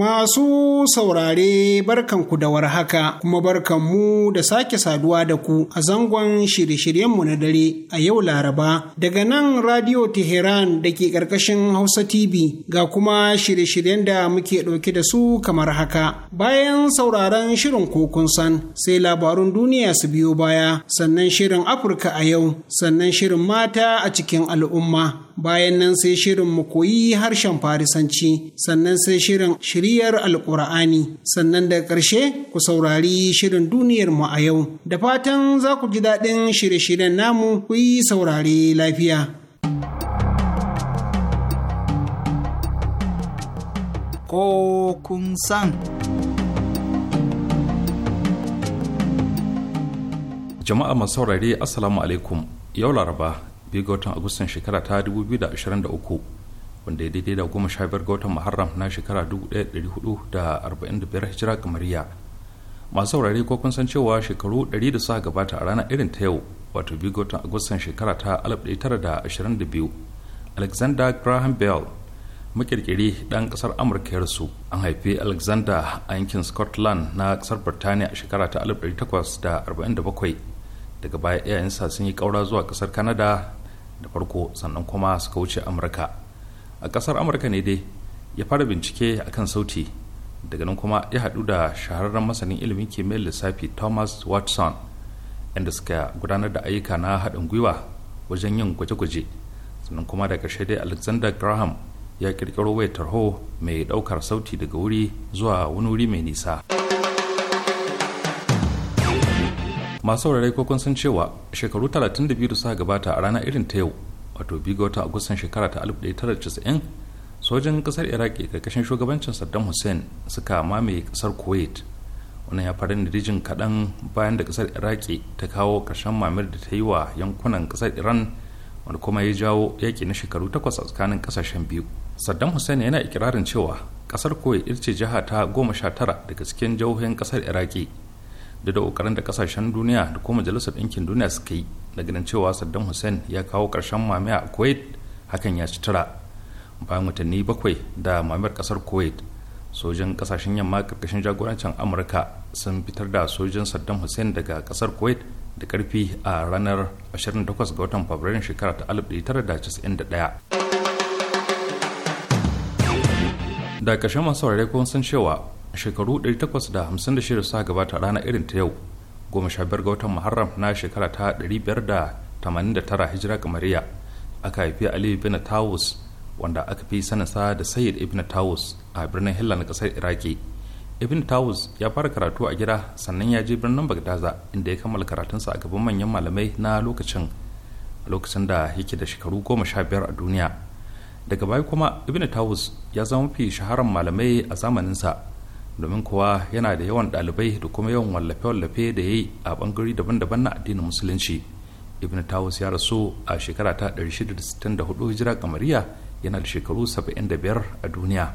Masu saurare barkanku da warhaka kuma barkanmu da sake saduwa da ku a zangon shirye-shiryenmu na dare a yau Laraba daga nan Radio Teheran da ke ƙarƙashin Hausa TV ga kuma shirye-shiryen da muke ɗauke da su kamar haka. Bayan sauraron shirin kokun san sai labarun duniya su biyo baya sannan shirin Afirka a yau sannan shirin mata a cikin al'umma bayan nan sai shirin mu koyi harshen Farisanci sannan sai shirin shiri bibiyar alkur'ani sannan daga ƙarshe ku saurari shirin duniyar mu a yau da fatan za ku ji daɗin shirye-shiryen namu ku yi saurari lafiya ko kun san jama'a masu saurari assalamu alaikum yau laraba biyu ga watan agustan shekara ta dubu uku. wanda ya daidai da goma sha biyar ga watan muharram na shekara biyar hijira kamariya masu saurare ko kun san cewa shekaru ɗari da suka gabata a ranar irin ta yau wato biyu ga watan agustan shekara ta alif tara da da ashirin biyu alexander graham bell makirkiri ɗan ƙasar amurka ya rasu an haifi alexander a yankin scotland na ƙasar birtaniya a shekara ta alif takwas da da arba'in bakwai daga baya iyayensa sun yi ƙaura zuwa ƙasar canada da farko sannan kuma suka wuce amurka a kasar amurka ne dai ya fara bincike akan sauti daga nan kuma ya haɗu da shahararren masanin ilimin kimiyyar lissafi thomas watson inda suka gudanar da ayyuka na haɗin gwiwa wajen yin gwaje-gwaje sannan kuma da ƙarshe dai alexander graham ya ƙirƙiro wayar tarho mai ɗaukar sauti daga wuri zuwa wani wuri mai nisa masu saurare kokon sun cewa shekaru 32 da suka gabata a rana irin ta yau wato biyu ga wata agustan shekara ta 1990 sojin kasar iraki karkashin shugabancin saddam hussein suka mamaye kasar kuwait wannan ya faru da rijin kaɗan bayan da kasar iraki ta kawo ƙarshen mamir da ta yi wa yankunan kasar iran wanda kuma ya jawo yaƙi na shekaru takwas a tsakanin ƙasashen biyu saddam hussein yana ikirarin cewa ƙasar kuwait irce ce jiha ta goma sha tara daga cikin jihohin kasar iraki da da kokarin da kasashen duniya da kuma majalisar ɗinkin duniya suka yi da ganin cewa saddam hussein ya kawo ƙarshen mamaya a kuwait hakan ya ci tara bayan watanni bakwai da mamayar ƙasar kuwait sojin ƙasashen yamma ƙarƙashin jagorancin amurka sun fitar da sojin saddam hussein daga ƙasar kuwait da ƙarfi a ranar 28 ga watan fabrairun shekara ta 1991 da ƙarshen masu ko sun san cewa shekaru 856 sa gabata rana irin ta yau goma sha biyar ga watan muharram na shekara ta 589 hijira kamariya aka haifi ali bin tawus wanda aka fi sa da sayyid ibn tawus a birnin hillan na kasar iraki ibn tawus ya fara karatu a gida sannan ya je birnin bagdaza inda ya kammala karatunsa a gaban manyan malamai na lokacin lokacin da yake da shekaru goma sha biyar a duniya daga baya kuma ibn tawus ya zama fi shaharar malamai a zamaninsa domin kuwa yana da yawan dalibai da kuma yawan wallafe-wallafe da ya yi a bangare daban-daban na addinin musulunci ibn tawus ya rasu a shekara ta 664 hijira kamariya yana da shekaru 75 a duniya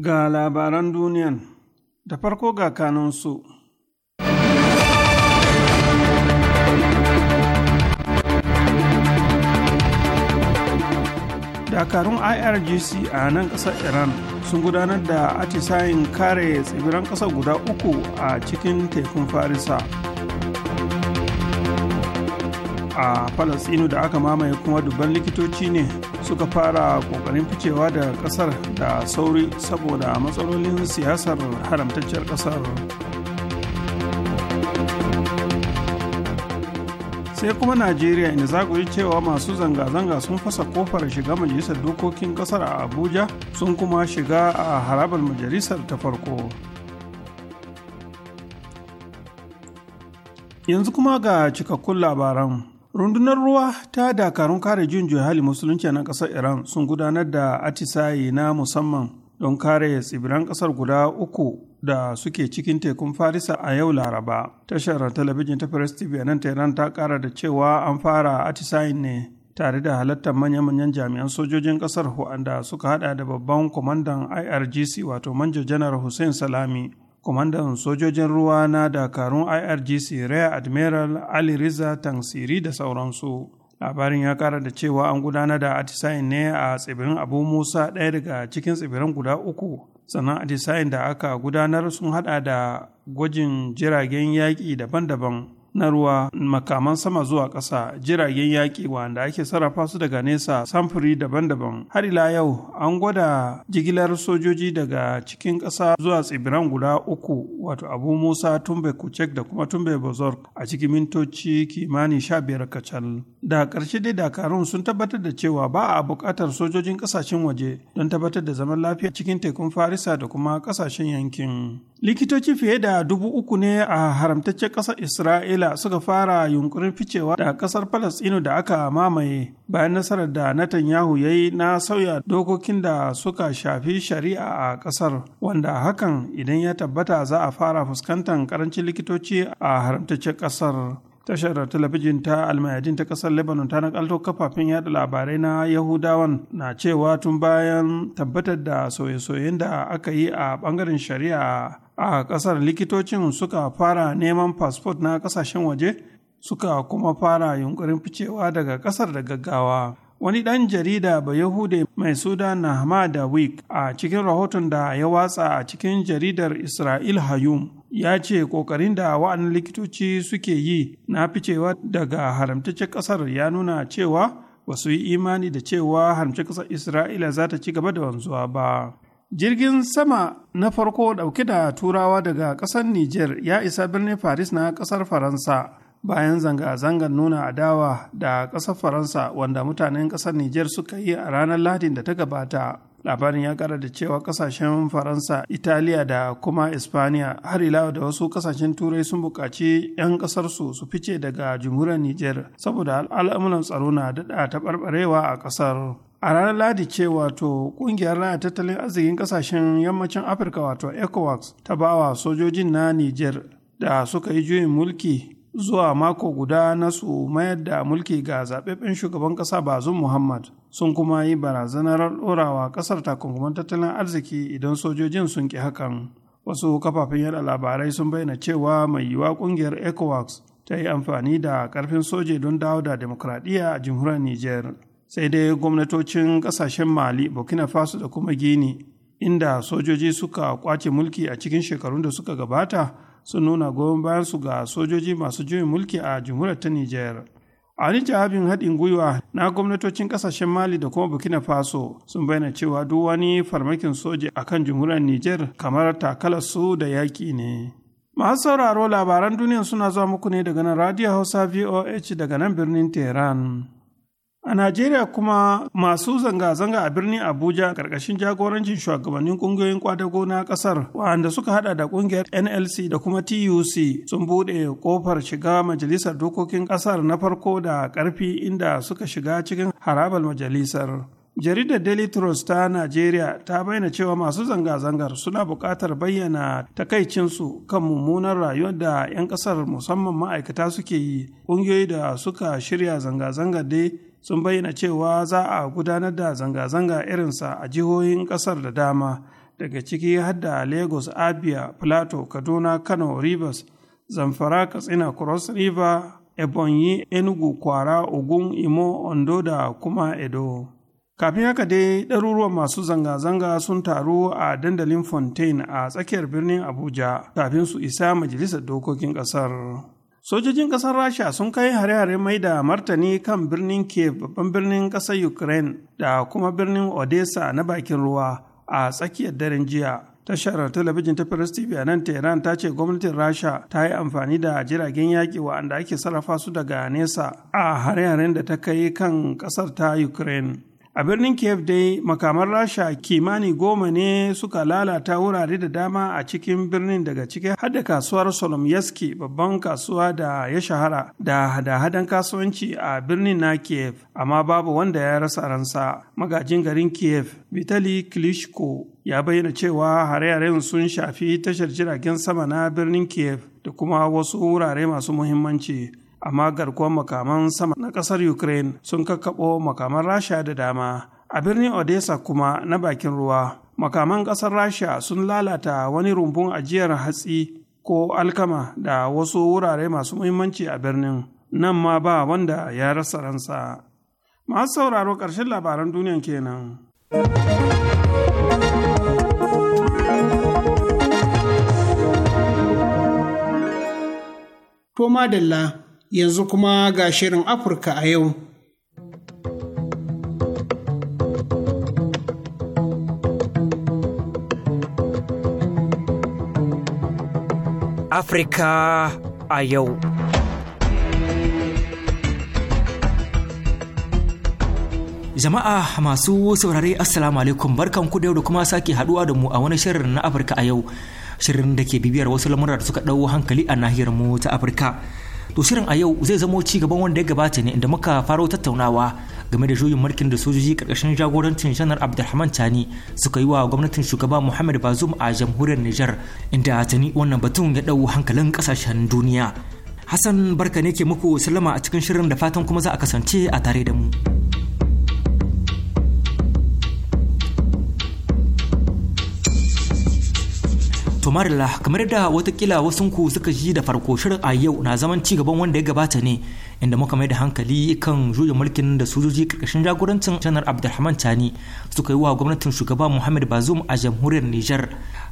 Ga labaran duniyan da farko ga kanunsu. Dakarun IRGC a nan ƙasar Iran sun gudanar da atisayin kare tsibiran ƙasa guda uku a cikin tekun Farisa. a falasino da aka mamaye kuma dubban likitoci ne suka fara kokarin ficewa da kasar da sauri saboda matsalolin siyasar haramtacciyar kasar sai kuma najeriya inda za ku yi cewa masu zanga-zanga sun fasa kofar shiga majalisar dokokin kasar a abuja sun kuma shiga a harabar majalisar ta farko yanzu kuma ga cikakkun labaran rundunar ruwa ta dakarun kare jin hali musulunci na ƙasar iran sun gudanar da atisayi na musamman don kare tsibiran ƙasar guda uku da suke cikin tekun farisa a yau laraba tashar talabijin ta press tv a nan tehran ta kara da cewa an fara atisayi ne tare da halartar manya-manyan jami'an sojojin ƙasar wanda suka hada da babban kwamandan irgc wato manjo janar hussein salami kwamandan sojojin ruwa na dakarun irgc rear admiral ali riza tansiri da sauransu labarin ya kara da cewa an gudanar da atisayin ne a tsibirin abu musa ɗaya daga cikin tsibirin guda uku sannan atisayin da aka gudanar sun hada da gwajin jiragen yaƙi daban-daban na ruwa makaman sama zuwa ƙasa jiragen yaƙi wanda ake sarrafa su daga nesa samfuri daban-daban har ila yau an gwada jigilar sojoji daga cikin ƙasa zuwa tsibiran guda uku wato abu musa tumbe kucek da kuma tumbe bozork a cikin mintoci kimanin sha biyar kacal da ƙarshe dai dakarun sun tabbatar da cewa ba a buƙatar sojojin ƙasashen waje don tabbatar da zaman lafiya cikin tekun farisa da kuma ƙasashen yankin likitoci fiye da dubu uku ne a haramtaccen ƙasar isra'ila suka fara yunkurin ficewa da ƙasar falastinu da aka mamaye bayan nasarar da netanyahu ya yi na sauya dokokin da suka shafi shari'a a ƙasar wanda hakan idan ya tabbata za a fara fuskantar ƙarancin likitoci a haramtaccen ƙasar tashar talabijin ta almayadin ta kasar lebanon ta nakalto kafafen yada labarai na yahudawan na cewa tun bayan tabbatar da soye-soyen da aka yi a bangaren shari'a a kasar likitocin suka fara neman fasfot na kasashen waje suka kuma fara yunkurin ficewa daga kasar da gaggawa wani ɗan jarida ba Yahude mai suda na da Wik a cikin rahoton da ya watsa a cikin jaridar israel Hayum ya ce ƙoƙarin da wa'annan likitoci suke yi na ficewa daga haramtaccen ƙasar ya nuna cewa ba su yi imani da cewa haramtaccen ƙasar Isra'ila za ta ci gaba da wanzuwa ba. Jirgin sama na farko ɗauke da turawa daga ƙasar niger ya isa birnin Paris na ƙasar Faransa. bayan zanga-zangar nuna adawa da ƙasar faransa wanda mutanen ƙasar niger suka yi a ranar lahadin da ta gabata labarin ya kara da cewa ƙasashen faransa italiya da kuma ispaniya har ila da wasu kasashen turai sun buƙaci 'yan ƙasarsu su fice daga jamhuriyar niger saboda al'amuran tsaro na daɗa taɓarɓarewa a ƙasar a ranar ladi ce wato kungiyar raya tattalin arzikin kasashen yammacin afirka wato ecowas ta bawa sojojin na niger da suka yi juyin mulki zuwa mako guda na su mayar da mulki ga zaɓaɓɓen shugaban ƙasa bazum muhammad sun kuma yi barazanar ɗorawa ƙasar takunkuman tattalin arziki idan sojojin sun ƙi hakan wasu kafafen yada labarai sun bayyana cewa mai yiwuwa ƙungiyar ecowas ta yi amfani da ƙarfin soje don dawo da demokradiyya a jamhuriyar niger sai dai gwamnatocin ƙasashen mali burkina faso da kuma gini inda sojoji suka kwace mulki a cikin shekarun da suka gabata sun nuna goyon bayan su ga sojoji masu juyin mulki a jamhuriyar ta Nijar. A wani jawabin haɗin gwiwa na gwamnatocin ƙasashen Mali da kuma Burkina Faso sun bayyana cewa duk wani farmakin soja a kan jamhuriyar Nijar kamar takalar su da yaƙi ne. Masu sauraro labaran duniya suna zuwa muku ne daga nan Radio Hausa VOH daga nan birnin Tehran. A Najeriya kuma masu zanga-zanga a birnin Abuja ƙarƙashin jagorancin shugabannin ƙungiyoyin kwadago na ƙasar waɗanda suka hada da ƙungiyar NLC da kuma TUC sun buɗe ƙofar shiga majalisar dokokin ƙasar na farko da ƙarfi inda suka shiga cikin harabar majalisar. Jaridar Daily Trust ta Najeriya ta bayyana cewa masu zanga-zangar suna buƙatar bayyana takaicinsu kan mummunan rayuwar da 'yan ƙasar musamman ma'aikata suke yi. Ƙungiyoyi da suka shirya zanga-zangar dai sun bayyana cewa za a gudanar da zanga-zanga irinsa a jihohin ƙasar da dama daga ciki hadda lagos abia plato kaduna kano rivers zamfara katsina cross river ebonyi enugu kwara ogun imo ondo da kuma edo kafin haka dai ɗaruruwan masu zanga-zanga sun taru a dandalin fontaine a tsakiyar birnin abuja kafin su isa majalisar dokokin ƙasar. Sojojin ƙasar Rasha sun kai hare-hare mai da martani kan birnin Kiev babban birnin ƙasar Ukraine da kuma birnin Odessa na bakin ruwa a tsakiyar daren jiya. Tashar talabijin ta Paris TV a nan Tehran ta ce gwamnatin Rasha ta yi amfani da jiragen yaƙi wa'anda ake sarrafa su daga nesa a hare-haren da ta kai kan ƙasar ta Ukraine. a birnin kiev dai makamar rasha kimani goma ne suka lalata wurare da dama a cikin birnin daga ciki har da kasuwar solomyeski babban kasuwa da ya shahara da hada-hadan kasuwanci a birnin na kiev amma babu wanda ya rasa ransa magajin garin kiev vitali klitschko ya bayyana cewa hare-haren sun shafi tashar jiragen sama na birnin kiev da kuma wasu wurare masu muhimmanci amma garkuwar makaman sama na ƙasar ukraine sun kakkaɓo makaman rasha da dama a birnin odessa kuma na bakin ruwa makaman ƙasar rasha sun lalata wani rumbun ajiyar hatsi ko alkama da wasu wurare masu muhimmanci a birnin nan ma ba wanda ya rasa ransa masu sauraro ƙarshen labaran duniya kenan. To madalla Yanzu kuma ga shirin Afirka a yau. Afirka a yau. Jama'a masu saurare Assalamu alaikum barkan ku da yau da kuma sake haduwa da mu a wani shirin na Afirka a yau. Shirin da ke bibiyar wasu lamura da suka ɗau hankali a nahiyar mu ta Afirka. to shirin a yau zai zamo ci gaban wanda ya gabata ne inda muka faro tattaunawa game da juyin mulkin da sojoji karkashin jagorancin janar abdulrahman tani suka yi wa gwamnatin shugaban muhammad bazum a jamhuriyar niger inda tani wannan batun ya dau hankalin kasashen duniya hassan barka ne ke muku sallama a cikin shirin da fatan kuma za a kasance a tare da mu. Somarila kamar da watakila wasunku suka ji da farko shirin a yau na zaman ci gaban wanda ya gabata ne inda muka mai da hankali kan juya mulkin da sojoji karkashin jagorancin janar Abdulrahman Tani suka yi wa gwamnatin shugaba Muhammad Bazoum a jamhuriyar Nijar.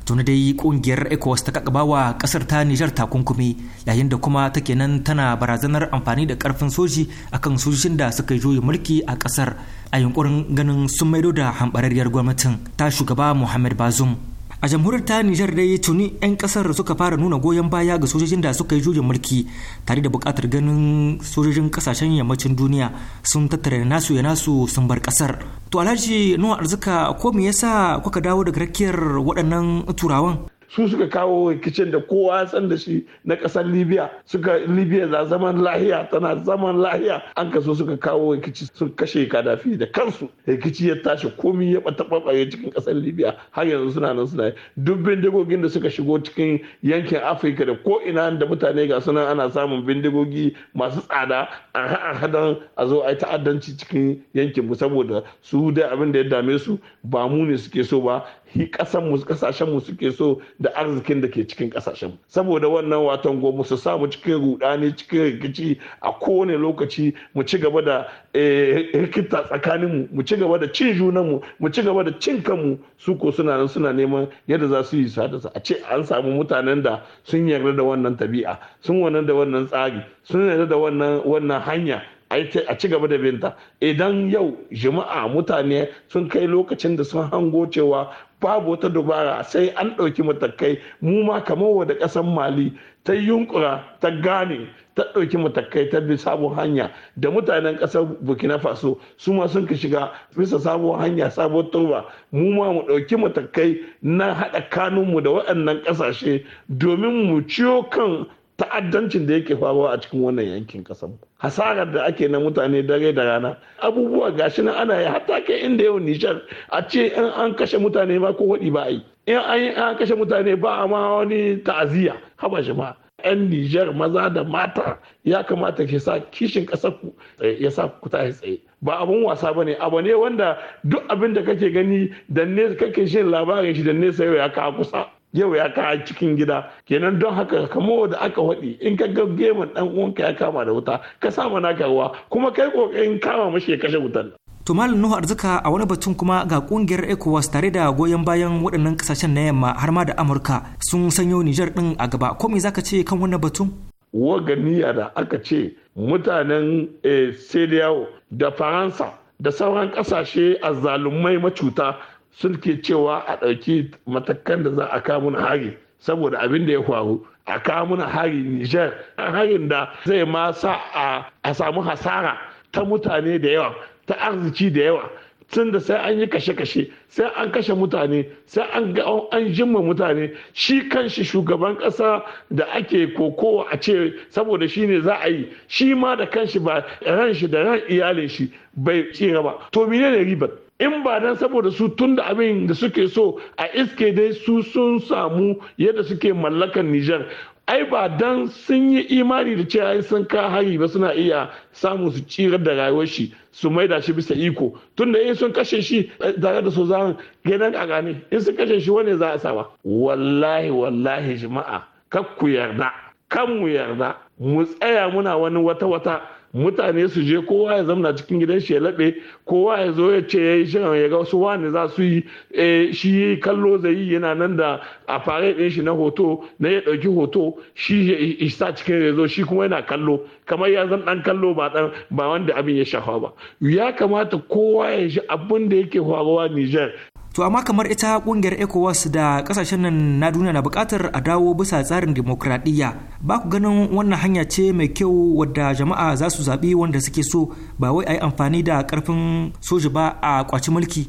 Tuni dai kungiyar ECOWAS ta kakaba wa kasar ta Nijar takunkumi yayin da kuma take nan tana barazanar amfani da karfin soji akan sojojin da suka yi juya mulki a kasar a yunkurin ganin sun maido da hambararriyar gwamnatin ta shugaba Muhammad Bazoum. a jamhuriyar ta nijar dai tuni 'yan kasar suka fara nuna goyon baya ga sojojin da suka yi juyin mulki tare da buƙatar ganin sojojin kasashen yammacin duniya sun tattara nasu ya nasu sun bar kasar to alhaji nuna arzika ko me yasa kuka dawo daga rakiyar waɗannan turawan su suka kawo rikicin da kowa ya san da shi na ƙasar libya suka libya na zaman lahiya tana zaman lahiya an kaso suka kawo rikici sun kashe kadafi da kansu rikici ya tashi komi ya babaye cikin ƙasar libya har yanzu suna nan suna duk bindigogin da suka shigo cikin yankin afirka da ko ina da mutane ga sunan ana samun bindigogi masu tsada an haɗa hadan a zo a yi ta'addanci cikin yankin mu saboda su da abin da ya dame su ba mu ne suke so ba shi kasan mu kasashen mu suke so da arzikin da ke cikin kasashen saboda wannan watan goma su samu cikin rudani cikin rikici a kowane lokaci mu ci gaba da eh, rikita tsakanin mu mu ci gaba da cin junan mu mu ci gaba da cin kanmu su ko suna nan suna neman yadda za su yi su hada a ce an samu mutanen da sun yarda da wannan tabi'a sun wannan da wannan tsari sun yarda da wannan wannan hanya a ci gaba da binta idan yau jama'a mutane sun kai lokacin da sun hango cewa babu wata dubara sai an ɗauki matakai mu ma kamar wadda ƙasar mali ta yunkura ta gane ta ɗauki matakai ta bi sabon hanya da mutanen ƙasar burkina faso su ma sun ka shiga bisa sabon hanya sabon turba mu ma mu ɗauki matakai na haɗa kanunmu da waɗannan ƙasashe domin mu ciyo kan ta'addancin da yake faruwa a cikin wannan yankin kasan hasarar da ake na mutane dare da rana abubuwa gashi nan ana yi hatta kai inda yau nishar a ce in an kashe mutane ma ko waɗi ba yi in an kashe mutane ba a ma wani ta'aziyya haba shi ma 'yan Nijar maza da mata ya kamata ke sa kishin ƙasar ku eh, ya sa ku tashi tsaye ba abun wasa bane abu ne wanda duk abin da kake gani da ne kake shin labarin shi da ne sayo ya kawo kusa yau ya kaya cikin gida kenan don haka kamo da aka waɗi in ka ga gemun ɗan uwanka ya kama da wuta ka sa mana ruwa kuma kai ƙoƙarin kama mashi ya kashe wutan Tumal nuhu arzika a wani batun kuma ga kungiyar ecowas tare da goyon bayan waɗannan kasashen na yamma har ma da amurka sun sanyo nijar din a gaba ko me zaka ce kan wannan batun waganiya da aka ce mutanen eh, sediyawo da faransa da sauran ƙasashe a zalumai macuta Sun ke cewa a ɗauki matakan da za a kamun hari saboda abin da ya faru a kamun hari nijar a harin da zai ma sa a samu hasara ta mutane da yawa ta arziki da yawa tun da sai an yi kashe-kashe sai an kashe mutane sai an an jimma mutane shi kanshi shugaban kasa da ake kokowa a ce saboda shi ne za a yi shi ma da kanshi ba ran shi da ran iyalin shi bai tsira ba to menene ribar in ba dan saboda su tun da abin da suke so a iske dai su sun samu yadda suke mallakan Nijar ai ba dan sun yi imani da cewa sun ka hari ba suna iya samu su cirar da rayuwar shi su maida shi bisa iko tun da in sun kashe shi eh, tare da su zan gidan a gane in sun kashe shi wane za a wallahi wallahi jama'a kakku yarda kan mu yarda mu tsaya muna wani wata wata mutane su je kowa ya zamna cikin gidan shi ya laɓe kowa ya zo ya ce ya yi shirin ya ga su wani za su yi eh, shi kallo zai yi yana nan da a fare ɗin shi na hoto na ya ɗauki hoto shi ya sa cikin rezo shi kuma yana kallo kamar ya zan ɗan kallo ba ɗan ba wanda abin ya shafa ba ya kamata kowa ya shi abin da yake faruwa Nijar to amma kamar ita kungiyar ecowas da kasashen nan na duniya na bukatar a dawo bisa tsarin demokradiyya ba ku ganin wannan hanya ce mai kyau wadda jama'a za su zaɓi wanda suke so ba wai a yi amfani da karfin soja ba a kwaci mulki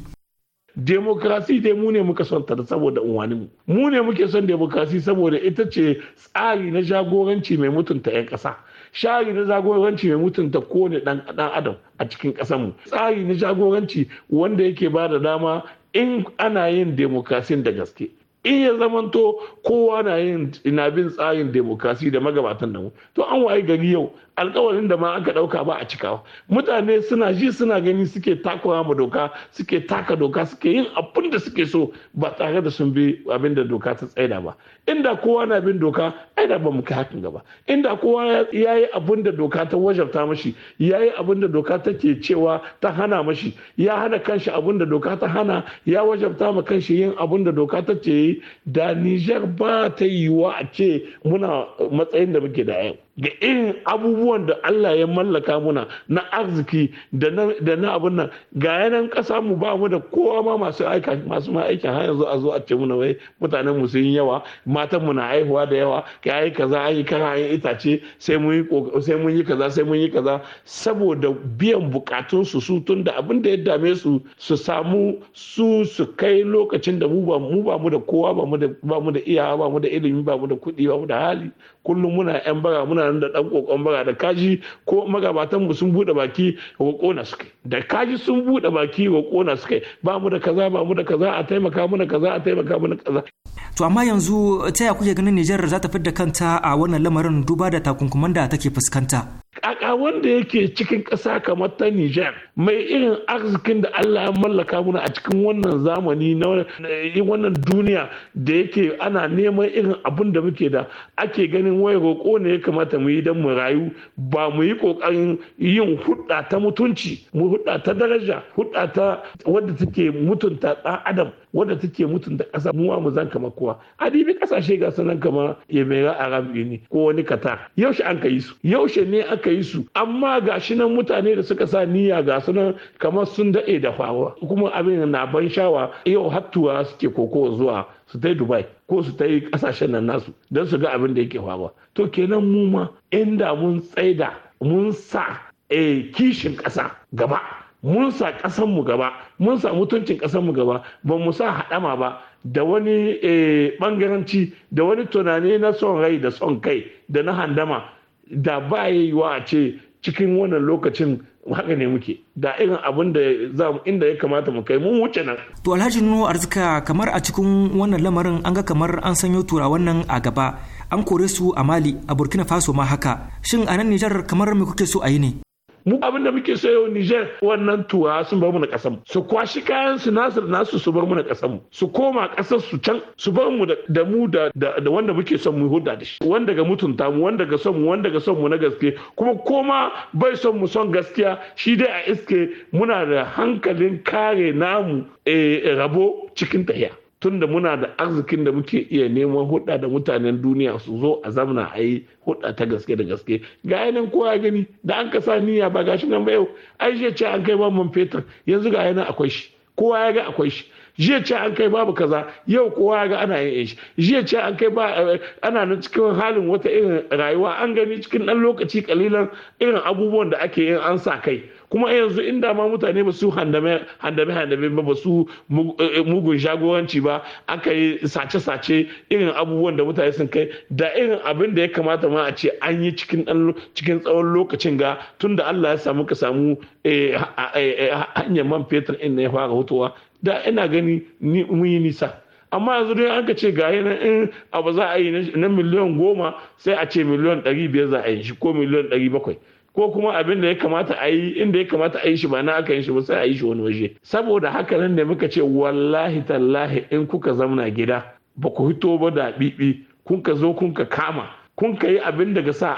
demokrasi dai mu ne muka son ta saboda unwaninmu mu ne muke son demokrasi saboda ita ce tsari na jagoranci mai mutunta 'yan kasa shari na jagoranci mai mutunta kowane ɗan adam a cikin ƙasarmu tsari na jagoranci wanda yake ba da dama in ana yin demokrasin da gaske in ya zamanto kowa na bin tsarin demokrasi da magabatan nan to an waye gari yau alkawarin da ma aka dauka ba a cikawa mutane suna ji suna gani suke takura ma doka suke taka doka suke yin abin da suke so ba tare da sun bi abin da doka ta tsaida ba inda kowa na bin doka ai da ba mu kai hakan gaba inda kowa ya yi abin da doka ta wajabta mashi ya yi abin da doka take cewa ta hana mashi ya hana kanshi abin da doka ta hana ya wajabta ma kanshi yin abin da doka ta ce da Nijar ba ta yiwuwa a ce muna matsayin da muke da yau ga irin abubuwan da Allah ya mallaka muna na arziki da na abin nan ga yanan ƙasa mu ba mu da kowa ma masu aika masu ma aikin har yanzu a zo a ce muna wai mutanen mu sun yi yawa matan mu na haihuwa da yawa ka yi kaza an yi kana an itace sai mun yi sai mun yi kaza sai mun yi kaza saboda biyan bukatun su su tun da abin da ya dame su su samu su su kai lokacin da mu ba mu ba mu da kowa ba mu da ba mu da iyawa ba mu da ilimi ba mu da kuɗi ba mu da hali kullum muna yan bara muna nan da dan kokon bara da kaji ko magabatan mu sun bude baki roƙo kona suke da kaji sun bude baki roƙo kona suke ba mu da kaza ba mu da kaza a taimaka mu kaza a taimaka mu kaza to amma yanzu ta ya kuke ganin Nijar za ta fidda kanta a wannan lamarin duba da takunkuman da take fuskanta kaka wanda yake cikin ƙasa kamar ta Nijar mai irin arzikin da Allah ya mallaka muna a cikin wannan zamani na wannan duniya da yake ana neman irin abin da muke da ake ganin wai roƙo ne ya kamata mu yi don mu rayu ba mu yi ƙoƙarin yin hudda ta mutunci mu hudda ta daraja hudda ta wadda take mutunta ɗan adam wadda take mutunta ƙasa muwa mu zan kama kowa adibi ƙasashe ga sanan kama yemera arab uni ko wani qatar yaushe an ka yi su yaushe ne aka yi su su amma ga shi nan mutane da suka sa niyya ga su nan kamar sun daɗe da fawa kuma abin na ban shawa yau hattuwa suke koko zuwa su ta dubai ko su ta yi ƙasashen nan nasu don su ga abin da yake fawa to kenan mu ma inda mun tsaida mun sa eh, kishin ƙasa gaba mun sa ƙasanmu gaba mun sa mutuncin ƙasanmu gaba ba mu sa haɗama ba da wani eh, ɓangaranci da wani tunani na son rai da son kai da na handama da ba yiwuwa a ce cikin wannan lokacin haka ne muke da irin abin da za mu inda ya kamata mu kai mun wuce nan. To Alhaji Nuno Arzika kamar a cikin wannan lamarin an ga kamar an sanyo turawan nan a gaba an kore su a Mali a Burkina Faso ma haka shin a nan Nijar kamar mai kuke so a yi ne? mu abin da muke so yau Niger wannan tuwa sun bar mu na kasan su kwashi kayan su nasir nasu su bar mu na kasan su koma kasar su can su bar mu da mu da wanda muke son mu hudda da shi wanda ga mutunta mu wanda ga son mu wanda ga son mu na gaske kuma koma bai son mu son gaskiya shi dai a iske muna da hankalin kare namu eh, rabo cikin tahiya tunda muna da arzikin da muke iya neman hudda da mutanen duniya su zo a zamana a yi hudda ta gaske da gaske ga nan kowa gani da an kasa niyya ba gashi nan ba yau ai ce an kai man fetur yanzu ga nan akwai shi kowa ya ga akwai shi jiya ce an kai babu kaza yau kowa ga ana yin shi jiya ce an kai ba eh, ana nan cikin halin wata irin rayuwa an gani cikin dan lokaci kalilan irin abubuwan da ake yin an sa kai kuma yanzu inda ma mutane ba su handame handame ba ba su eh, mugun jagoranci ba aka yi sace-sace irin abubuwan da mutane sun kai da irin abin da ya kamata ma a ce an yi cikin cikin tsawon lokacin ga Tunda Allah ya samu ka samu eh, hanyar man fetur in ya fara hutuwa da ina gani ni yi nisa amma yanzu dai an ka ce ga nan in abu za a yi na miliyan goma sai a ce miliyan ɗari biyar za a yi shi ko miliyan ɗari bakwai ko kuma abin da ya kamata a yi inda ya kamata a yi shi ba na aka yi shi ba sai a yi shi wani waje saboda haka nan da muka ce wallahi tallahi in kuka zamna gida ba ku hito ba da bibi kun ka zo kun ka kama kun ka yi abin daga sa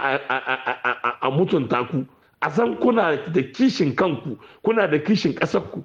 a mutunta ku a san kuna da kishin kanku kuna da kishin ku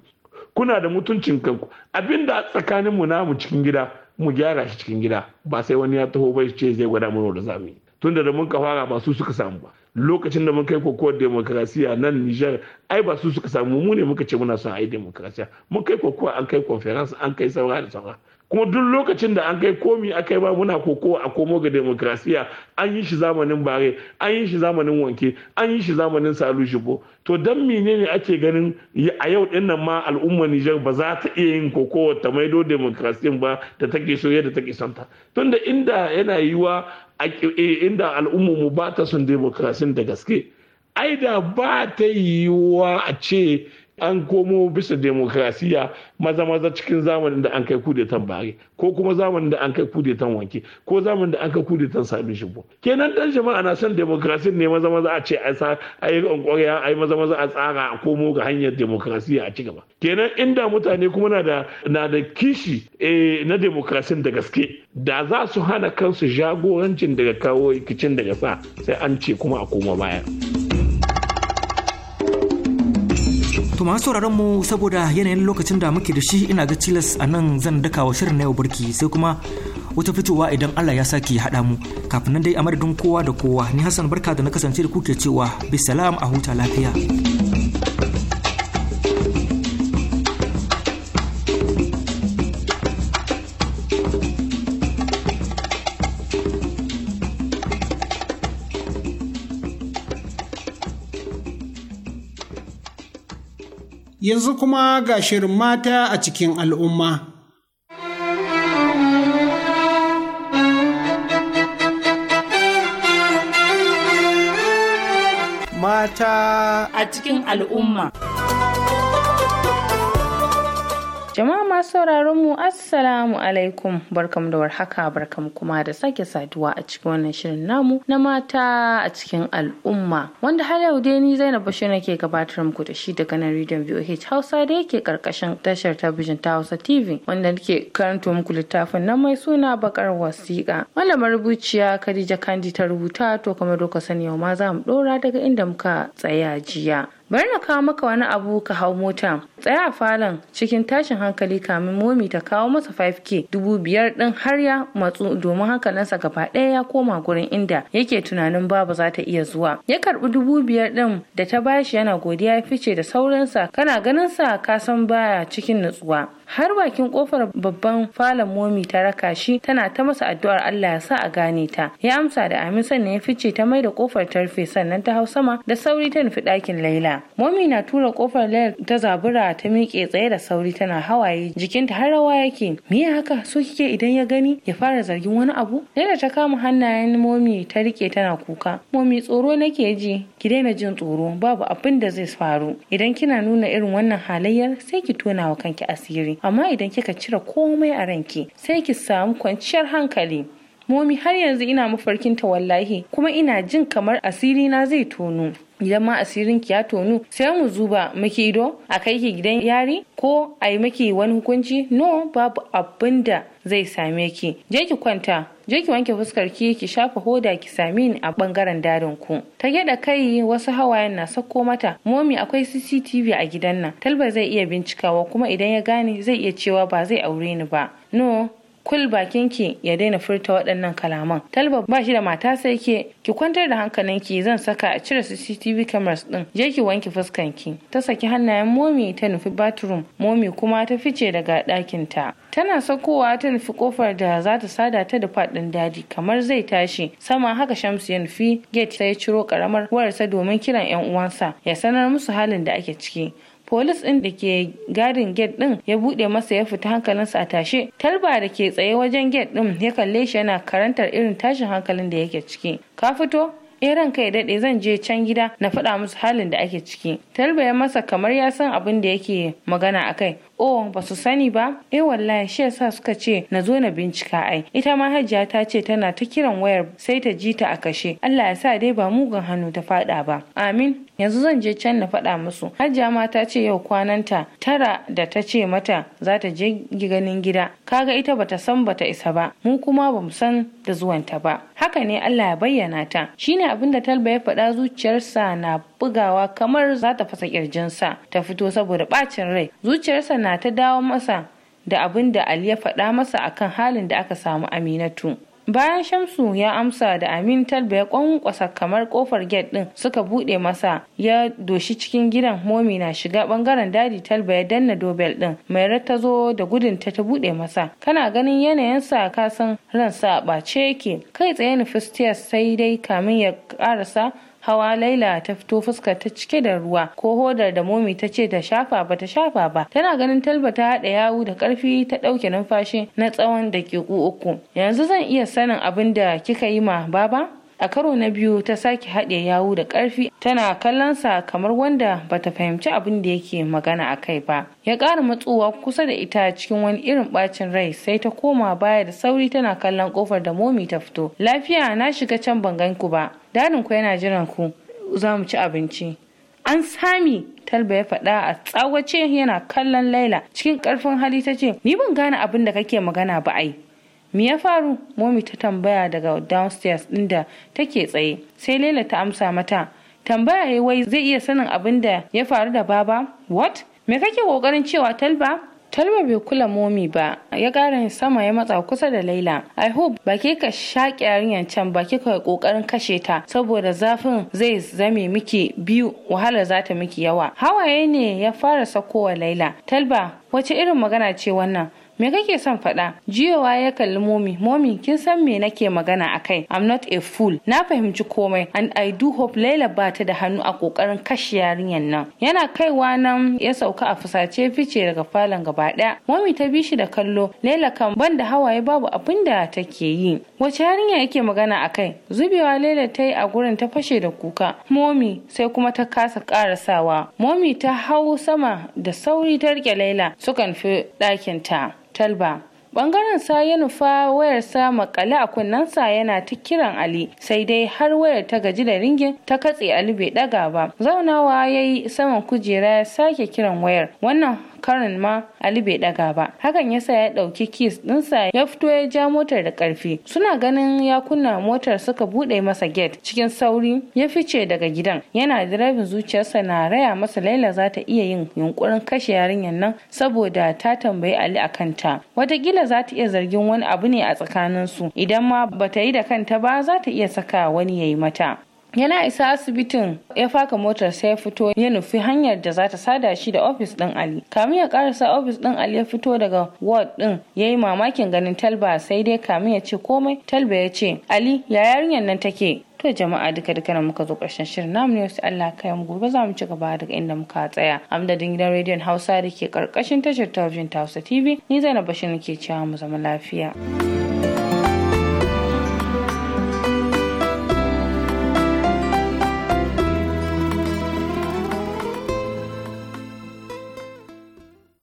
kuna da mutuncin kanku abinda tsakanin mu namu cikin gida mu gyara shi cikin gida ba sai wani ya taho bai ce zai gwada mana da zamu tunda da mun ka fara ba su suka samu ba lokacin da mun kai kokowar demokrasiya nan niger ai ba su suka samu mu ne muka ce muna son ai demokrasiya mun kai kokowa an kai conference an kai saura da saura kuma duk lokacin da an kai komi aka yi ba muna kokowa a komo ga demokrasiya an yi shi zamanin bare an yi shi zamanin wanke an yi shi zamanin salu shigo to dan ne ake ganin a yau din ma al'ummar Nijar ba za ta iya yin kokowa ta maido demokrasiyan ba da take so yadda take son ta tunda inda yana yiwa eh, inda al'ummar mu ba ta son demokrasiyan da gaske ai da ba ta yiwuwa a ce an komo bisa demokrasiya maza maza cikin zamanin da an kai kudetan bare ko kuma zamanin da an kai kudetan wanke ko zamanin da an kai kudetan sabin shigo kenan dan jama'a na son demokrasiyan ne maza maza a ce a sa a yi ƙwarya a yi maza maza a tsara a komo ga hanyar demokrasiya a cigaba. kenan inda mutane kuma na da da kishi eh, na demokrasiyan da gaske da za su hana kansu jagorancin daga kawo rikicin daga sa sai an ce kuma a koma baya. To masu sauraron mu saboda yanayin lokacin da muke da shi ina ga tilas a nan zan daka wa shirin na yau burki sai kuma wata fitowa idan Allah ya sake haɗa mu kafin nan dai a madadin kowa da kowa ni Hassan barka da na kasance da kuke cewa bisalam a huta lafiya. yanzu kuma ga shirin mata a cikin al'umma. Mata a cikin al'umma. Jama'a masu sauraron mu Assalamu alaikum barkam da warhaka barkam kuma da sake saduwa a cikin wannan shirin namu na mata a cikin al'umma wanda har yau dai ni Zainab Bashir nake gabatar muku da shi daga nan rediyon VOH Hausa da yake karkashin tashar talabijin ta Hausa TV wanda nake karanto muku littafin na mai suna bakar wasiƙa wanda marubuciya Khadija Kandi ta rubuta to kamar doka sani yau ma za mu ɗora daga inda muka tsaya jiya. bari na kawo maka wani abu ka hau mota tsaya a falon cikin tashin hankali kamin momi ta kawo masa 5k dubu biyar din har ya matsu domin hankalinsa gaba ɗaya ya koma gurin inda yake tunanin babu za ta iya zuwa ya karbi dubu biyar din da ta bashi yana godiya ya fice da saurinsa kana ganin sa ka san baya cikin nutsuwa har bakin kofar babban falon momi ta raka shi tana ta masa addu'ar Allah ya sa a gane ta ya amsa da amin sannan ya fice ta mai da kofar tarfe sannan ta hau sama da sauri ta nufi ɗakin Laila momi na tura kofar Laila ta zabura ta miƙe tsaye da sauri tana hawaye jikinta har rawa yake me ya haka so kike idan ya gani ya fara zargin wani abu Laila ta kama hannayen momi ta rike tana kuka momi tsoro nake ji ki daina jin tsoro babu abin da zai faru idan kina nuna irin wannan halayyar sai ki tona wa kanki asiri amma idan kika cire komai a ranki sai ki samu kwanciyar hankali momi har yanzu ina mafarkin ta wallahi kuma ina jin kamar asiri na zai tono idan ma asirin ki ya tonu sai mu zuba maki ido a kai ki gidan yari ko a yi maki wani hukunci no babu abin da zai same ki je ki kwanta je ki wanke fuskar ki ki shafa hoda ki same ni a bangaren dadin ku ta gyada kai wasu hawayen na sako mata momi akwai cctv a gidan nan talba zai iya bincikawa kuma idan ya gane zai iya cewa ba zai aure ni ba no kul bakinki ya daina furta waɗannan kalaman talba ba shi da mata sai ke ki kwantar da hankalinki zan saka a cire cctv cameras din je ki wanke fuskanki ta saki hannayen momi ta nufi bathroom momi kuma ta fice daga ɗakin ta tana sakowa ta nufi kofar da za ta sada ta da faɗin daji kamar zai tashi sama haka shamsu ya nufi gate sai ya ciro karamar wayarsa domin kiran yan uwansa ya sanar musu halin da ake ciki polis ɗin da ke gadin gate ɗin ya buɗe masa ya fita hankalinsa a tashe talba da ke tsaye wajen gate ɗin ya kalle shi yana karantar irin tashin hankalin da yake ciki ka fito in eh, ranka ya daɗe zan je can gida na faɗa musu halin da ake ciki talba ya masa kamar ya san abin da yake magana a kai. oh ba su sani ba eh wallahi shi yasa suka ce na zo na bincika ai ita ma hajiya ta ce tana ta kiran wayar sai ta ji ta a kashe Allah ya sa dai ba mugun hannu ta fada ba amin yanzu zan je can na faɗa musu hajiya ma ta ce yau kwananta tara da ta ce mata za ta je ganin gida kaga ita bata san bata isa ba mu kuma ba mu san da zuwanta ba haka ne Allah ya bayyana ta shine abin da talba ya faɗa zuciyarsa na bugawa kamar za ta fasa sa. ta fito saboda bacin rai zuciyarsa na tana ta dawo masa da abin da Ali ya faɗa masa akan halin da aka samu Aminatu. Bayan Shamsu ya amsa da Amin Talba ya kwankwasa kamar kofar gate din suka buɗe masa ya doshi cikin gidan momi na shiga bangaren dadi Talba ya danna dobel din mai ta zo da gudun ta ta buɗe masa kana ganin yanayin sa ka san ransa a yake kai tsaye ni sai dai kamin ya ƙarasa hawa laila ta fito fuska ta cike da ruwa ko hodar da momi ta ce ta shafa ba ta shafa ba tana ganin talba ta haɗa yawu da ƙarfi ta ɗauke numfashi na tsawon daƙiƙu uku yanzu zan iya sanin abin da kika yi ma baba a karo na biyu ta sake haɗe yawu da ƙarfi tana kallonsa kamar wanda ba ta fahimci abin da yake magana a kai ba ya ƙara matsowa kusa da ita cikin wani irin ɓacin rai sai ta koma baya da sauri tana kallon ƙofar da momi ta fito lafiya na shiga can ban gan ku ba dadin ku yana jiran ku za mu ci abinci an sami talba ya faɗa a tsawace yana kallon laila cikin ƙarfin hali ta ce ni ban gane abin da kake magana ba ai me ya faru momi ta tambaya daga downstairs inda take tsaye sai laila ta amsa mata tambaya ya wai zai iya sanin abin da ya faru da baba what me kake kokarin cewa talba talba bai kula momi ba ya ƙara sama ya matsa kusa da laila i hope ba ke ka shaƙi yarinyar can ba kika kokarin kashe ta saboda zafin zai zame miki biyu wahalar za ta miki yawa hawaye ne ya fara sakowa laila talba wace irin magana ce wannan me kake son faɗa jiyowa ya kalli momi momi kin san me nake magana akai i'm not a fool na fahimci komai and i do hope laila ba ta da hannu a kokarin kashe yarinyar nan yana kaiwa nan ya sauka a fusace fice daga falon gaba ɗaya momi ta bi shi da kallo laila kan ban da hawaye babu abin da take yi wace yarinya yake magana akai zubewa laila ta yi a gurin ta fashe da kuka momi sai kuma ta kasa karasawa momi ta hau sama da sauri ta rike laila sukan fi ɗakinta. talba bangaren sa ya nufa wayar sa makale a kunnensa yana ta kiran ali sai dai har wayar ta gaji da ringin ta katse ali bai daga ba zaunawa ya yi saman kujera ya sake kiran wayar wannan karin ma ali bai daga ba hakan ya sa ya dauki kis dinsa ya fito ya ja motar da karfi suna ganin ya kunna motar suka bude masa gate cikin sauri ya fice daga gidan yana direbin zuciyarsa na raya masa laila za ta iya yin yunkurin kashe yarinyar nan saboda ta tambayi ali akan ta watakila za ta iya zargin wani abu ne a tsakaninsu idan ma bata yi da kanta ba za ta iya saka wani yayi mata yana isa asibitin ya faka motar sai ya fito ya nufi hanyar da za ta sada shi da ofis din ali kamin ya karasa ofis din ali ya fito daga ward din ya yi mamakin ganin talba sai dai kamin ya ce komai talba ya ce ali ya yarinyar nan take To jama'a duka duka nan muka zo ƙarshen shirin namu ne wasu Allah kai mu gobe za mu ci gaba daga inda muka tsaya. Amdadin gidan rediyon Hausa da ke karkashin tashar talabijin ta Hausa TV ni Zainab Bashir ke cewa mu zama lafiya.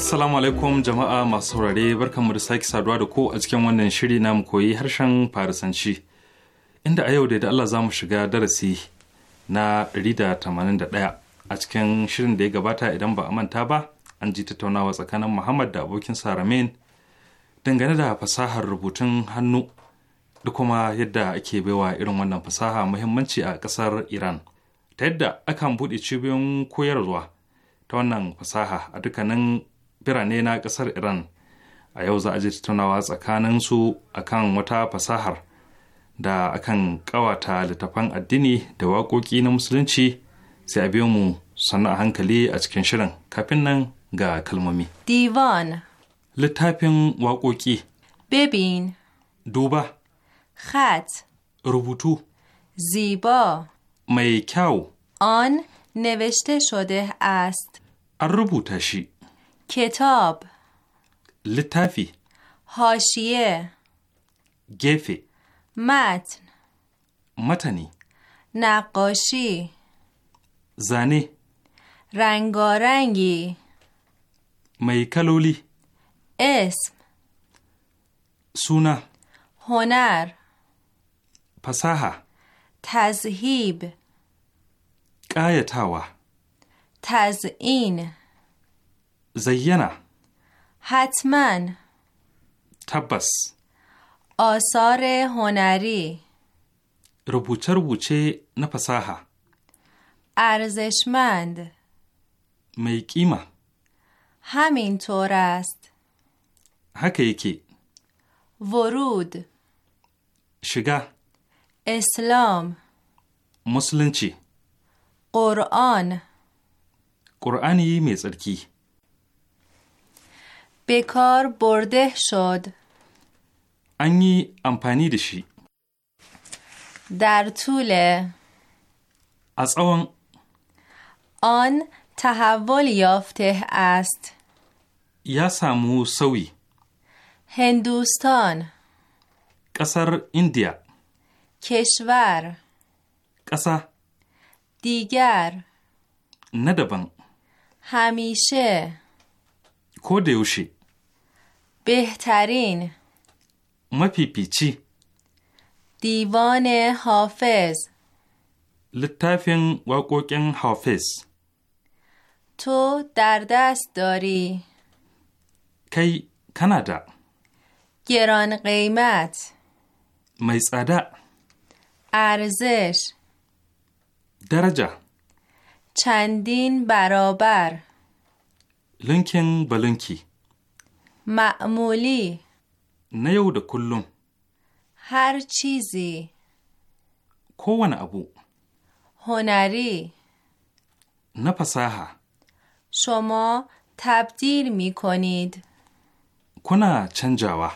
Assalamu alaikum jama'a masu saurare barkanmu da sake saduwa da ko a cikin wannan shiri na mu koyi harshen Farisanci. Inda a yau da Allah za mu shiga darasi na 181 a cikin shirin da ya gabata idan ba a manta ba an ji tattaunawa tsakanin Muhammad da abokin Saramin dangane da fasahar rubutun hannu da kuma yadda ake baiwa irin wannan fasaha muhimmanci a ƙasar Iran. Ta yadda akan buɗe cibiyoyin koyarwa ta wannan fasaha a dukkanin birane na ƙasar iran a yau za a ji tattaunawa tsakanin su akan wata fasahar da akan ƙawata littafan addini da waƙoƙi na musulunci sai a biyo mu sannan a hankali a cikin shirin kafin nan ga kalmomi. Divan. Littafin waƙoƙi. Bebin. Duba. Khat. Rubutu. Ziba. Mai kyau. On نوشته شده ast an rubuta shi. کتاب لطفی هاشیه گفی متن متنی نقاشی زنی رنگارنگی میکلولی اسم سونا هنر پساها تزهیب قایتاوه تزین زینه حتما تبس آثار هنری روبوچه روبوچه نپساها ارزشمند میکیمه همینطور است حکیکی ورود شگا اسلام مسلمچی قرآن قرآنی میزرکی به کار برده شد انی امپانی دشی در طول از آن آن تحول یافته است یا سوی هندوستان قصر اندیا کشور قصا دیگر ندبن همیشه کودیوشی بهترین ما پی دیوان حافظ لطفین گوگن حافظ تو در دست داری کی کانادا گران قیمت میزادا ارزش درجه چندین برابر لنکن بلنکی معمولی na yau da kullum har cizi kowane abu honari na fasaha shoma tabdir mikonid kuna canjawa.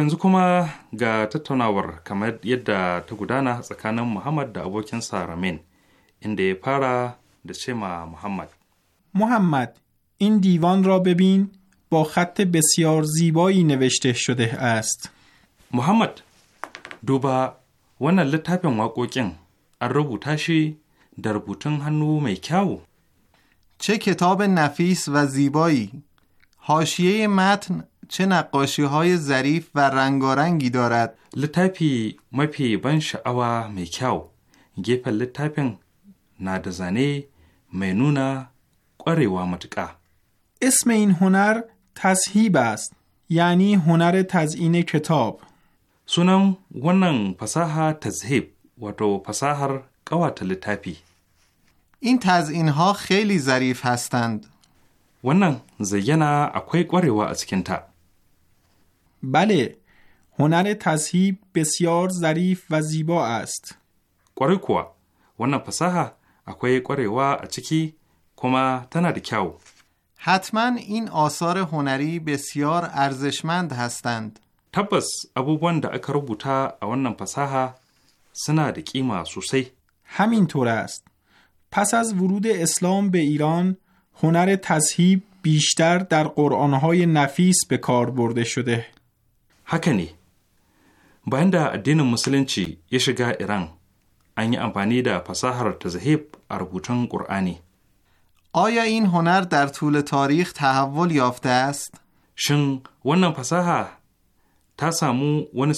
yanzu kuma ga tattaunawar kamar yadda ta gudana tsakanin Muhammad da abokinsa Ramin, inda ya fara da cema Muhammad. Muhammad, in divan را ببین با خط بسیار زیبایی نوشته شده است. duba duba wannan littafin waƙoƙin an rubuta shi da rubutun hannu mai kyau. Ce kitab nafis wa zibayi, hashiye matn چه نقاشی های ظریف و رنگارنگی دارد mafi ban sha'awa mai kyau gefen littafin na da zane mai nuna ƙwarewa matuƙa اسم hunar هنر تذهیب است یعنی هنر تزئین sunan wannan fasaha tazhib wato fasahar ƙawata littafi این تزئین ها خیلی ظریف هستند wannan zayyana akwai ƙwarewa a cikinta بله هنر تذهیب بسیار ظریف و زیبا است قره کوا wannan پساها اکوی kwarewa وا اچکی کما تنا حتما این آثار هنری بسیار ارزشمند هستند تپس، ابو da aka اوان a پساها سنا suna همینطور است پس از ورود اسلام به ایران هنر تذهیب بیشتر در قرآنهای نفیس به کار برده شده haka ne bayan da addinin musulunci ya shiga iran an yi amfani da fasahar tazahib آیا این هنر در طول تاریخ تحول یافته است؟ شن ونن فساها تا سامو ون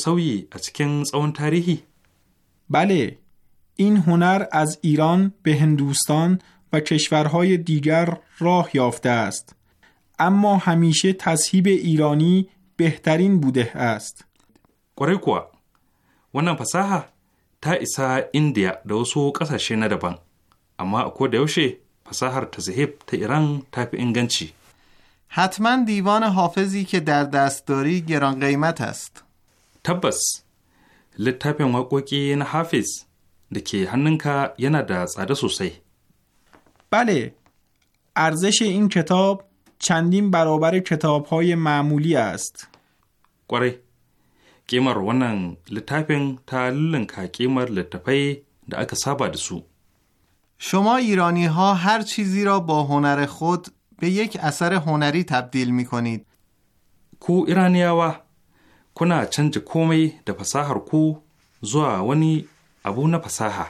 از کن اون تاریخی؟ بله این هنر از ایران به هندوستان و کشورهای دیگر راه یافته است اما همیشه تصهیب ایرانی بهترین بوده است. قره کوه wannan fasaha ta isa India da wasu ƙasashe na daban amma a da yaushe fasahar ta ta iran حتما دیوان حافظی که در دست داری گران قیمت است. تبس littafin na Hafiz da hannunka yana da tsada sosai. بله ارزش این کتاب چندین برابر کتاب های معمولی است. kwarai. Kimar wannan littafin ta linka ƙimar littattafai da aka saba da su. Shoma irani ha har cizi ra ba honare khud be yek asar honari tabdil mi konid. Ku iraniyawa, kuna canza komai da fasahar ku zuwa wani abu na fasaha.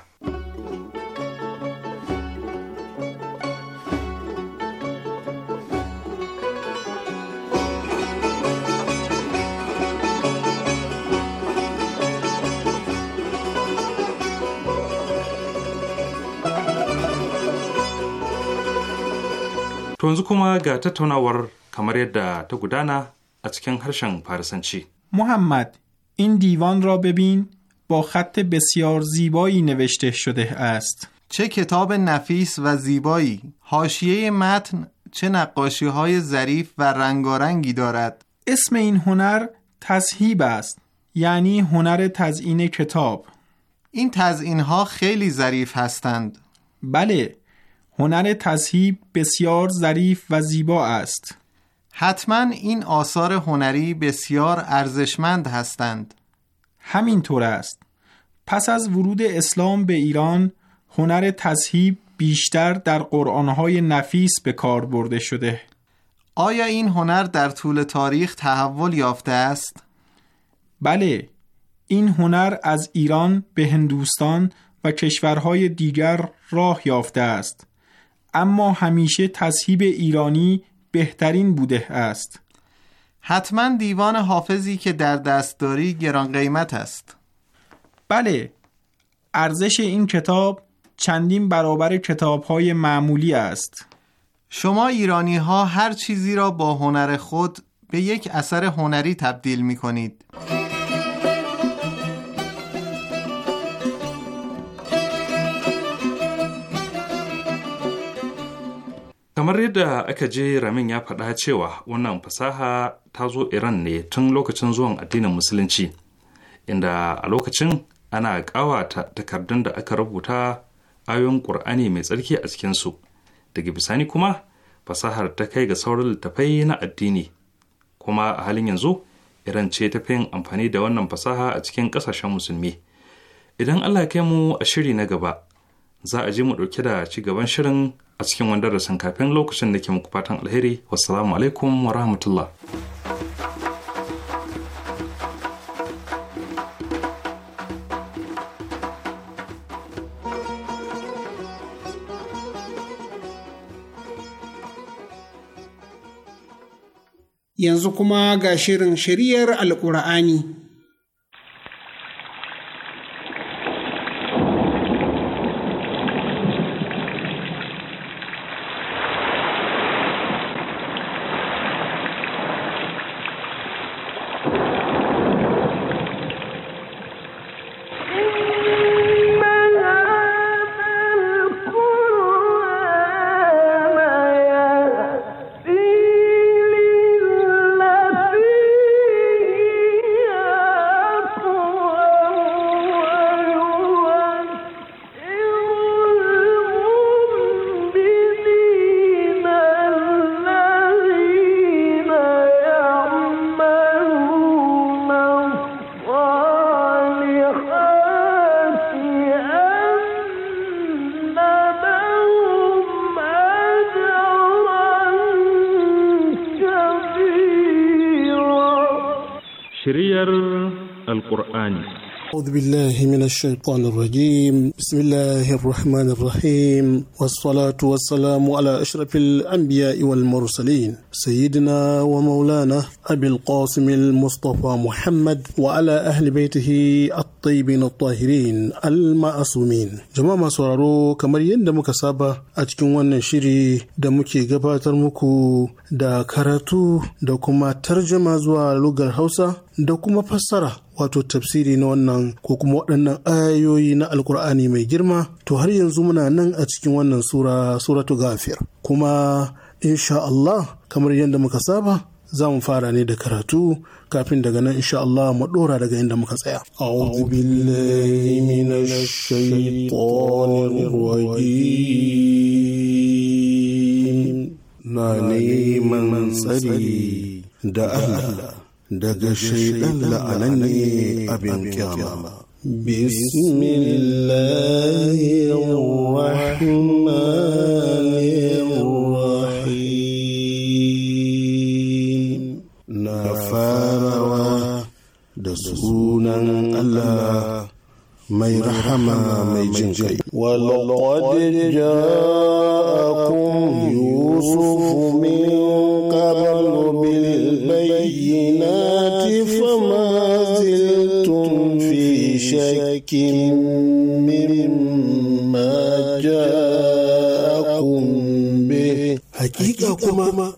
To yanzu kuma ga tattaunawar kamar yadda ta gudana a cikin با خط بسیار زیبایی نوشته شده است. چه کتاب نفیس و زیبایی. حاشیه متن چه نقاشی های ظریف و رنگارنگی دارد. اسم این هنر تصهیب است. یعنی هنر تزئین کتاب. این تزئین ها خیلی ظریف هستند. بله، هنر تذهیب بسیار ظریف و زیبا است حتما این آثار هنری بسیار ارزشمند هستند همینطور است پس از ورود اسلام به ایران هنر تذهیب بیشتر در قرآنهای نفیس به کار برده شده آیا این هنر در طول تاریخ تحول یافته است؟ بله این هنر از ایران به هندوستان و کشورهای دیگر راه یافته است اما همیشه تصهیب ایرانی بهترین بوده است حتما دیوان حافظی که در دستداری گران قیمت است بله ارزش این کتاب چندین برابر کتابهای معمولی است شما ایرانی ها هر چیزی را با هنر خود به یک اثر هنری تبدیل می کنید. kamar yadda aka je ramin ya faɗa cewa wannan fasaha ta zo iran ne tun lokacin zuwan addinin musulunci inda a lokacin ana ƙawata takardun da aka rubuta ayoyin ƙur'ani mai tsarki a cikinsu daga bisani kuma fasahar ta kai ga sauran littafai na addini kuma a halin yanzu iran ce ta fi amfani da wannan fasaha a cikin ƙasashen musulmi idan allah kai mu a shiri na gaba za a je mu ɗauke da ci gaban shirin a cikin wani darasin kafin lokacin da ke muku fatan alheri wasalamu alaikum wa rahmatullah Yanzu kuma ga shirin shiriyar Alƙur'ani. أعوذ بالله من الشيطان الرجيم بسم الله الرحمن الرحيم والصلاة والسلام على أشرف الأنبياء والمرسلين سيدنا ومولانا أبي القاسم المصطفى محمد وعلى أهل بيته الطيبين الطاهرين المعصومين jama'a masu sauraro kamar yadda muka saba a cikin wannan shiri da muke gabatar muku da karatu da kuma tarjama zuwa lugar hausa da kuma fassara wato tafsiri na wannan ko kuma waɗannan ayoyi na alkur'ani mai girma to har yanzu muna nan a cikin wannan sura ga gafir kuma insha Allah kamar yadda muka saba za mu fara ne da karatu kafin daga nan insha Allah mu ɗora daga inda muka tsaya. أعوذ na neman tsari da Allah daga shaidan la'anan ne abin kyama. بسم سونان ألا مي رحمة مي جنجي ولقد جاءكم يوسف من قبل بالبينات فما زلتم في شك مما جاءكم به حقيقة كما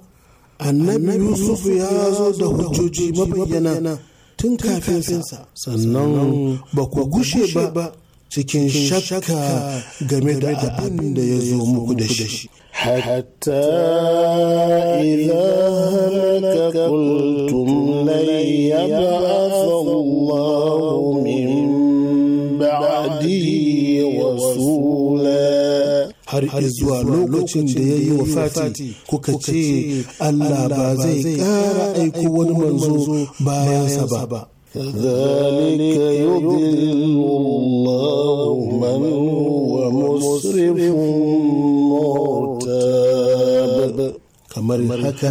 أن يوسف يا زود هجوجي بيننا tun kafinsa sannan ba ku gushe ba cikin shakka game da abin da ya zo muku da shi hatta ila halaka قلتم layyaba har zuwa lokacin da ya yi wa fati kuka ce Allah ba zai kara aiko wani manzo bayansa ba. ذلك يضل الله من هو مسرف مرتاب kamar haka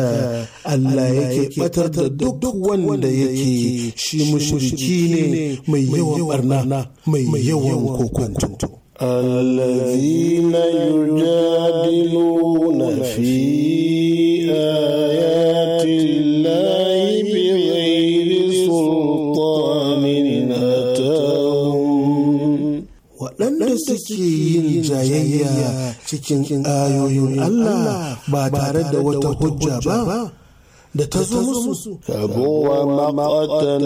Allah yake batar da duk wanda yake shi mushriki ne mai yawan barna mai yawan kokonto الذين يجادلون في آيات الله بغير سلطان أتاهم waɗanda suke yin jayayya cikin ayoyin Allah ba tare da wata hujja ba da ta zo musu faguwa maqatan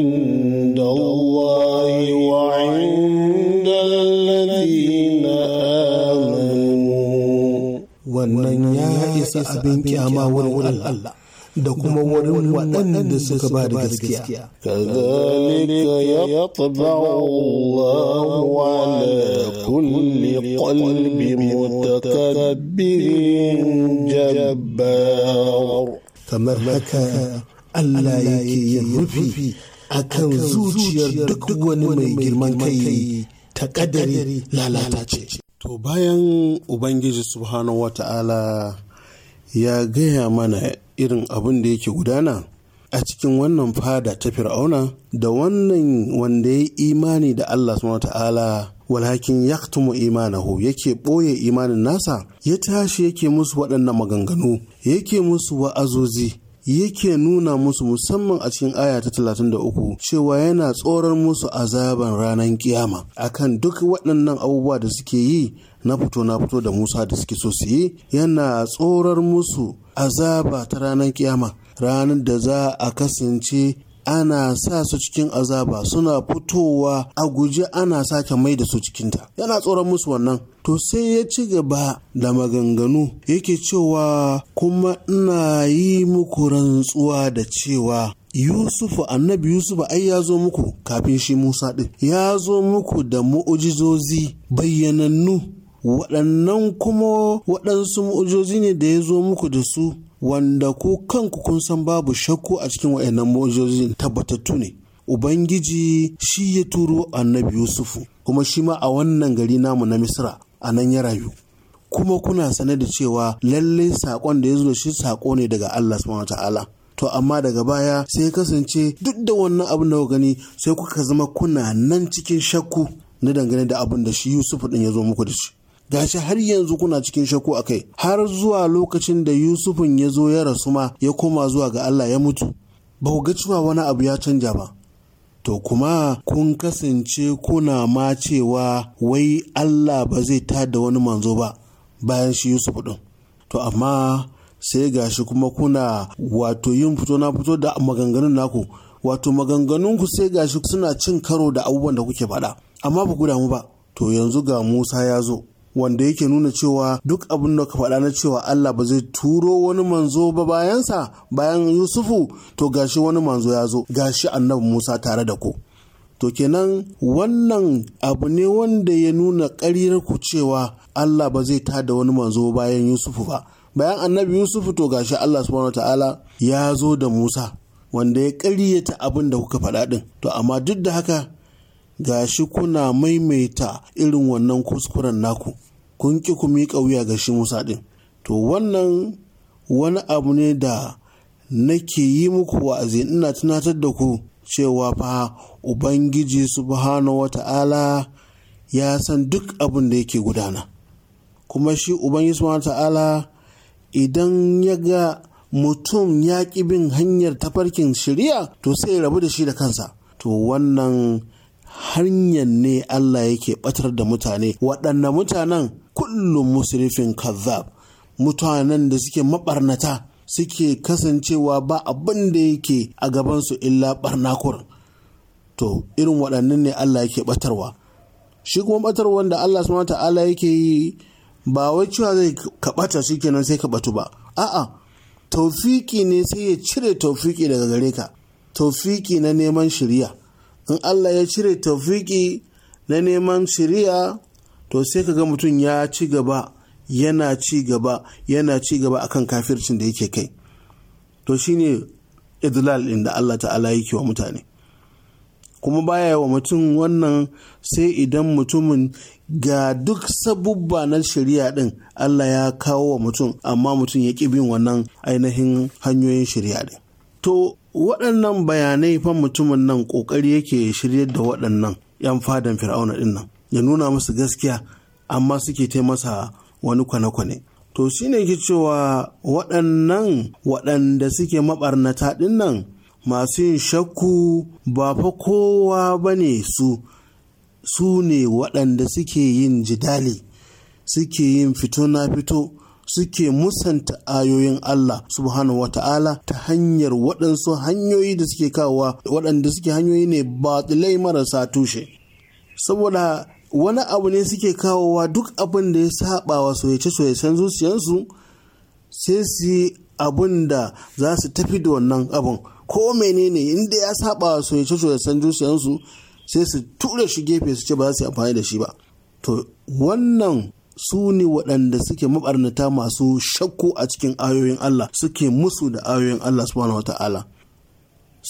inda Allah wa inda alladhina amanu wannan ya isa abin kyama wurin Allah da kuma wurin waɗanda suka ba da gaskiya. Kazalika ya Allahu ala kulli qalbi mutakabbirin jabbar. kamar haka Allah yake yi rufi a kan zuciyar duk wani mai girman kai ta kadari lalatace. To bayan Ubangiji Subhanahu wa ta'ala ya gaya mana irin abin da yake gudana a cikin wannan fada ta fir'auna da wannan wanda ya imani da Allah subhanahu wa ta'ala walhakin yaktumu imanahu yake ɓoye imanin nasa ya tashi yake musu waɗannan maganganu yake musu wa'azozi yake nuna musu musamman a cikin aya ta 33 cewa yana tsoron musu azaban ranar kiyama akan duk waɗannan abubuwa da suke yi na fito na fito da musa da suke so su yi yana tsorar musu azaba ta ranar kiyama ranar da za a kasance ana sa su cikin azaba suna fitowa a guje ana sake mai da su cikinta yana tsoron musu wannan to sai ya ci gaba da maganganu yake cewa kuma ina yi muku rantsuwa da cewa Yusuf, annabi Yusuf, ai ya zo muku kafin shi Musa ɗin ya zo muku da mu'ujizozi bayyanannu waɗannan kuma waɗansu mu'ujizozi ne da ya zo muku da su wanda ku kanku kun san babu shakku a cikin wa'annan mojojin tabbatattu ne ubangiji shi ya turo annabi yusufu kuma shi ma a wannan gari namu na misra a nan ya rayu kuma kuna sane da cewa lallai saƙon da ya zo shi saƙo ne daga allah subhanahu ta'ala to amma daga baya sai kasance duk da wannan abin da gani sai kuka zama kuna nan cikin shakku na dangane da abin da shi Yusufu din ya zo muku da shi gashi har yanzu kuna cikin shakku a kai har zuwa lokacin da yusufun ya zo ya rasu ma ya koma zuwa ga allah ya mutu ba ku ga cewa wani abu ya canja ba to kuma kun kasance kuna ma cewa wai allah ba zai da wani manzo ba bayan shi yusuf ɗin to amma sai gashi kuma kuna wato yin fito na fito da maganganun naku wato maganganun ku sai gashi suna cin karo da abubuwan da kuke faɗa amma ba ku damu ba to yanzu ga musa ya zo wanda yake nuna cewa duk abin da ka faɗa na cewa Allah ba zai turo wani manzo ba bayansa bayan Yusufu to gashi wani manzo ya zo gashi annabi Musa tare da ku to kenan wannan abu ne wanda ya nuna ƙarir ku cewa Allah ba zai ta da wani manzo bayan Yusufu ba bayan annabi Yusufu to gashi Allah subhanahu ta'ala ya zo da Musa wanda ya ƙaryata abin da kuka faɗa ɗin to amma duk da haka gashi kuna maimaita irin wannan kuskuren naku kun ki ku miƙa wuya ga shi Musa ɗin. To wannan wani abu ne da nake yi muku wa'azi ina tunatar da ku cewa fa Ubangiji subhanahu wa ta'ala ya san duk abin da yake gudana. Kuma shi Ubangiji subhanahu wa ta'ala idan ya ga mutum ya ƙi bin hanyar tafarkin shirya to sai rabu da shi da kansa. To wannan hanyar ne Allah yake batar da mutane waɗanne mutanen kullu musrifin kazzab mutanen da suke mabarnata suke kasancewa ba abin da yake a gabansu illa barnakur. to irin waɗannan ne Allah yake batarwa shi kuma batarwa wanda Allah subhanahu ta'ala yake yi ba wai cewa zai ka bata shikenan sai ka batu ba a'a taufiki ne sai ya cire taufiki daga gare ka taufiki na neman shiriya in Allah ya cire taufiki na neman shiriya to sai ka ga mutum ya ci gaba yana ci gaba yana ci gaba akan kafircin da yake kai to shine idlal din da Allah ta'ala yake wa mutane kuma baya wa mutum wannan sai idan mutumin ga duk sabubba na shari'a din Allah ya kawo wa mutum amma mutum ya ƙi bin wannan ainihin hanyoyin shari'a din to waɗannan bayanai fa mutumin nan ƙoƙari yake shiryar da waɗannan 'yan fadan fir'auna ɗin nan ya nuna musu gaskiya amma suke ta masa wani kwane-kwane to shi ne ke cewa waɗannan waɗanda suke maɓarnata ɗin nan masu yin shakku ba fa kowa ba ne su su ne waɗanda suke yin jidali suke yin fito na fito suke musanta ayoyin Allah subhanahu wa ta'ala ta hanyar waɗansu hanyoyi da suke kawowa waɗanda suke hanyoyi ne batilai marasa tushe saboda wani abu ne suke kawowa duk abin da ya saba wa soyace-soyacen zuciyarsu sai su abin da za su tafi da wannan abin ko menene inda ya saba wa soyace-soyacen zuciyarsu sai su tura shi gefe su ce ba za su yi amfani da shi ba to wannan su ne waɗanda suke mabarnata masu shakku a cikin ayoyin Allah suke musu da ayoyin Allah subhanahu wata'ala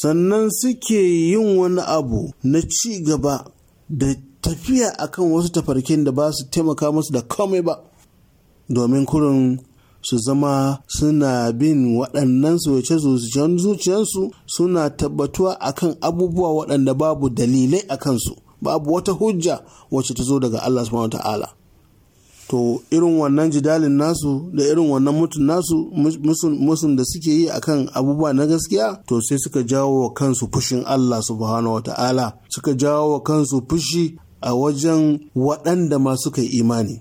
sannan suke yin wani abu na ci gaba da tafiya akan wasu tafarkin da ba su taimaka musu da komai ba domin kurin su zama suna bin waɗannan zuciyar zuciyarsu suna tabbatuwa akan abubuwa waɗanda babu dalilai a kansu babu wata hujja wacce ta zo daga Allah subhanahu ta'ala to irin wannan jidalin nasu da irin wannan mutun nasu musun da suke yi akan abubuwa na gaskiya to sai suka jawo wa kansu fushin Allah subhanahu ta'ala suka jawo wa kansu fushi a wajen waɗanda ma suka yi imani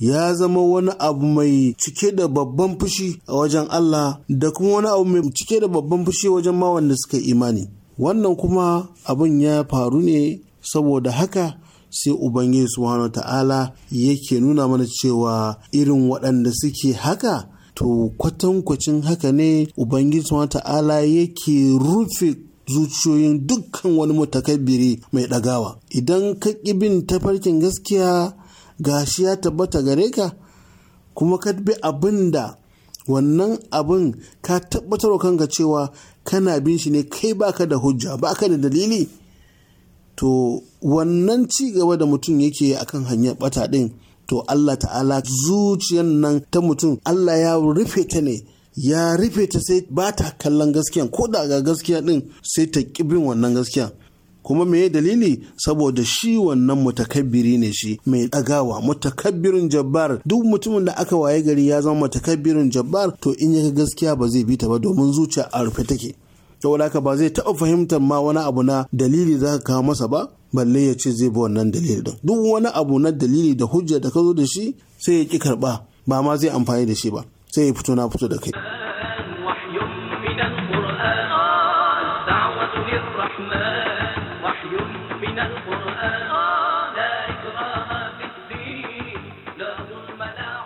ya zama wani abu mai cike da babban fushi a wajen Allah da kuma wani abu mai cike da babban fushi wajen ma wanda suka imani wannan kuma abin ya faru ne saboda haka sai ubangiji subhanahu ta'ala yake nuna mana cewa irin waɗanda suke haka to kwatankwacin haka ne ubangiji subhanahu ta'ala yake rufe zuciyoyin dukkan wani mutakabbiri mai ɗagawa idan ka ƙi bin tafarkin gaskiya gashi ya tabbata gare ka kuma ka bi abin da wannan abin ka tabbatar kanka cewa kana bin shi ne kai baka da hujja baka da dalili to wannan ci gaba da mutum yake akan hanyar bata ɗin to Allah ta'ala zuciyan nan ta mutum Allah ya rufe ta ne ya rufe ta sai ba ta kallon gaskiya ko da ga gaskiya din sai ta bin wannan gaskiya kuma me dalili saboda shi wannan mutakabbiri ne shi mai dagawa mutakabbirin jabbar duk mutumin da aka waye gari ya zama mutakabbirin jabbar to in ya gaskiya ba zai bi ta ba domin zuciya a rufe take to haka ba zai taɓa fahimtar ma wani abu na dalili za ka kawo masa ba balle ya ce zai bi wannan dalili din duk wani abu na dalili da hujja da ka zo da shi sai ya ki karɓa ba ma zai amfani da shi ba sai ya fito na fito da kai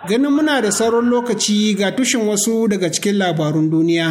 ganin muna da sauran lokaci ga tushen wasu daga cikin labarun duniya.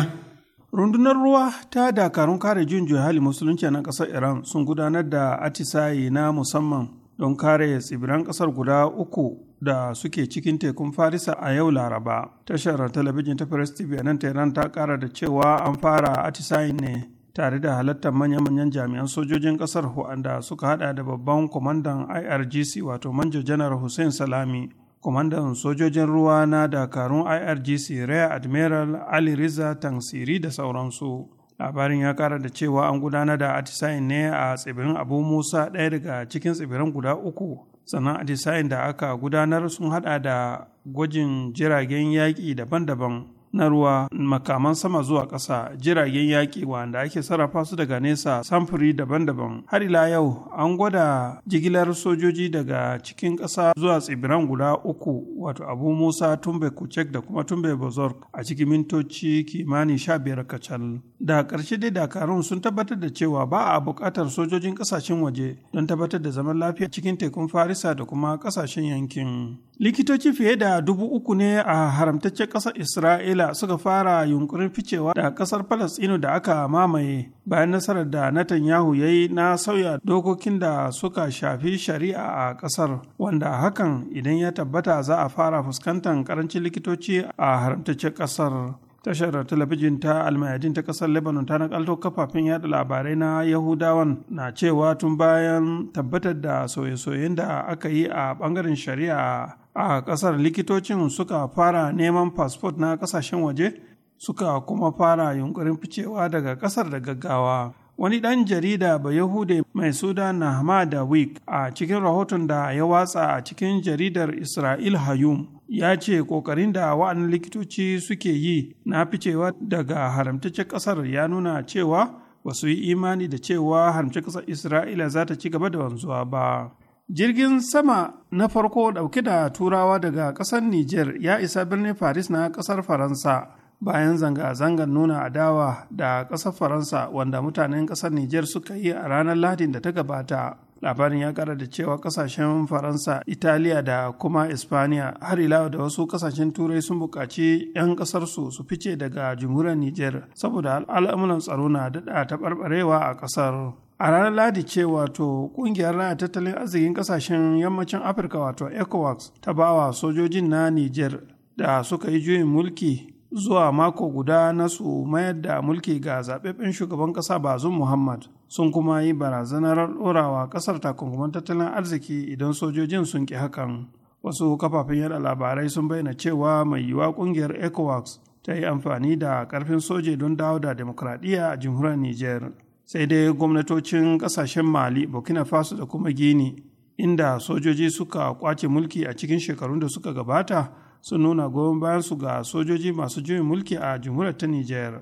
Rundunar ruwa ta dakarun kare jin hali musulunci na ƙasar Iran sun gudanar da atisayi na musamman don kare tsibiran ƙasar guda uku da suke cikin tekun Farisa a yau Laraba. Tashar talabijin ta Press TV a nan Tehran ta kara da cewa an fara atisayin ne tare da halartar manya-manyan jami'an sojojin kasar wanda suka hada da babban kwamandan IRGC wato manjo janar Hussein Salami. Kwamandan sojojin ruwa na dakarun IRGC Rear Admiral Ali Riza Tansiri da sauransu. labarin ya kara da cewa an gudanar da atisayin ne a tsibirin abu musa ɗaya daga cikin tsibiran guda uku sannan atisayen da aka gudanar sun hada da gwajin jiragen yaƙi daban-daban na ruwa makaman sama zuwa ƙasa jiragen yaƙi wanda ake sarrafa su daga nesa samfuri daban-daban har ila yau an gwada jigilar sojoji daga cikin ƙasa zuwa tsibiran guda uku wato abu musa tumbe kucek da kuma tumbe bozork a cikin mintoci kimani sha biyar kacal da ƙarshe dai dakarun sun tabbatar da cewa ba a buƙatar sojojin ƙasashen waje don tabbatar da zaman lafiya cikin tekun farisa da kuma ƙasashen yankin likitoci fiye da dubu uku ne a haramtaccen ƙasar isra'ila isra'ila suka fara yunkurin ficewa da kasar falastinu da aka mamaye bayan nasarar da netanyahu ya yi na sauya dokokin da suka shafi shari'a a kasar wanda hakan idan ya tabbata za a fara fuskantar karancin likitoci a haramtaccen kasar tashar talabijin ta almayadin ta kasar lebanon ta nakalto kafafen yada labarai na yahudawan na cewa tun bayan tabbatar da soye-soyen da aka yi a bangaren shari'a a ƙasar likitocin suka fara neman fasfot na ƙasashen waje suka kuma fara yunkurin ficewa daga ƙasar da gaggawa wani ɗan jarida bayahude mai na nahmada week a cikin rahoton da ya watsa a cikin jaridar isra'il hayum ya ce ƙoƙarin da wa'annan likitoci suke yi na ficewa daga haramtaccen ƙasar ya nuna cewa ba yi imani da cewa haramci ƙasar isra'ila za ta ci gaba da wanzuwa ba jirgin sama na farko ɗauke da turawa daga kasar niger ya isa birnin paris na ƙasar faransa bayan zanga-zangar nuna adawa da ƙasar faransa wanda mutanen ƙasar niger suka yi a ranar lahadin da ta gabata labarin ya kara da cewa ƙasashen faransa italiya da kuma ispaniya har ila da wasu ƙasashen turai sun buƙaci 'yan ƙasarsu su fice daga jamhuriyar niger saboda al'amuran tsaro na daɗa taɓarɓarewa a ƙasar a ranar ladi ce wato kungiyar raya tattalin arzikin kasashen yammacin afirka wato ecowas ta bawa sojojin na niger da suka yi juyin mulki zuwa mako guda na su mayar da mulki ga zaɓaɓɓen shugaban ƙasa bazum muhammad sun kuma yi barazanar ɗorawa ƙasar takunkuman tattalin arziki idan sojojin sun ƙi hakan wasu kafafen yada labarai sun bayyana cewa mai yiwuwa ƙungiyar ecowas ta yi amfani da ƙarfin soje don dawo da demokradiyya a jamhuriyar niger sai dai gwamnatocin ƙasashen mali burkina faso da kuma gini inda sojoji suka kwace mulki a cikin shekarun da suka gabata sun nuna goyon su ga sojoji masu juyin mulki a jamhuriyar ta niger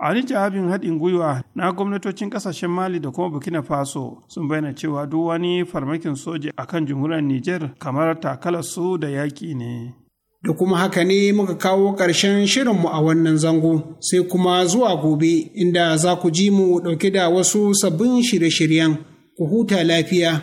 a wani jawabin haɗin gwiwa na gwamnatocin ƙasashen mali da kuma burkina faso sun bayyana cewa duk wani farmakin soja akan jamhuriyar niger kamar takalar su da yaƙi ne da kuma haka ne muka kawo ƙarshen shirinmu a wannan zango sai kuma zuwa gobe inda za ku ji mu ɗauke da wasu sabbin shirye-shiryen ku huta lafiya.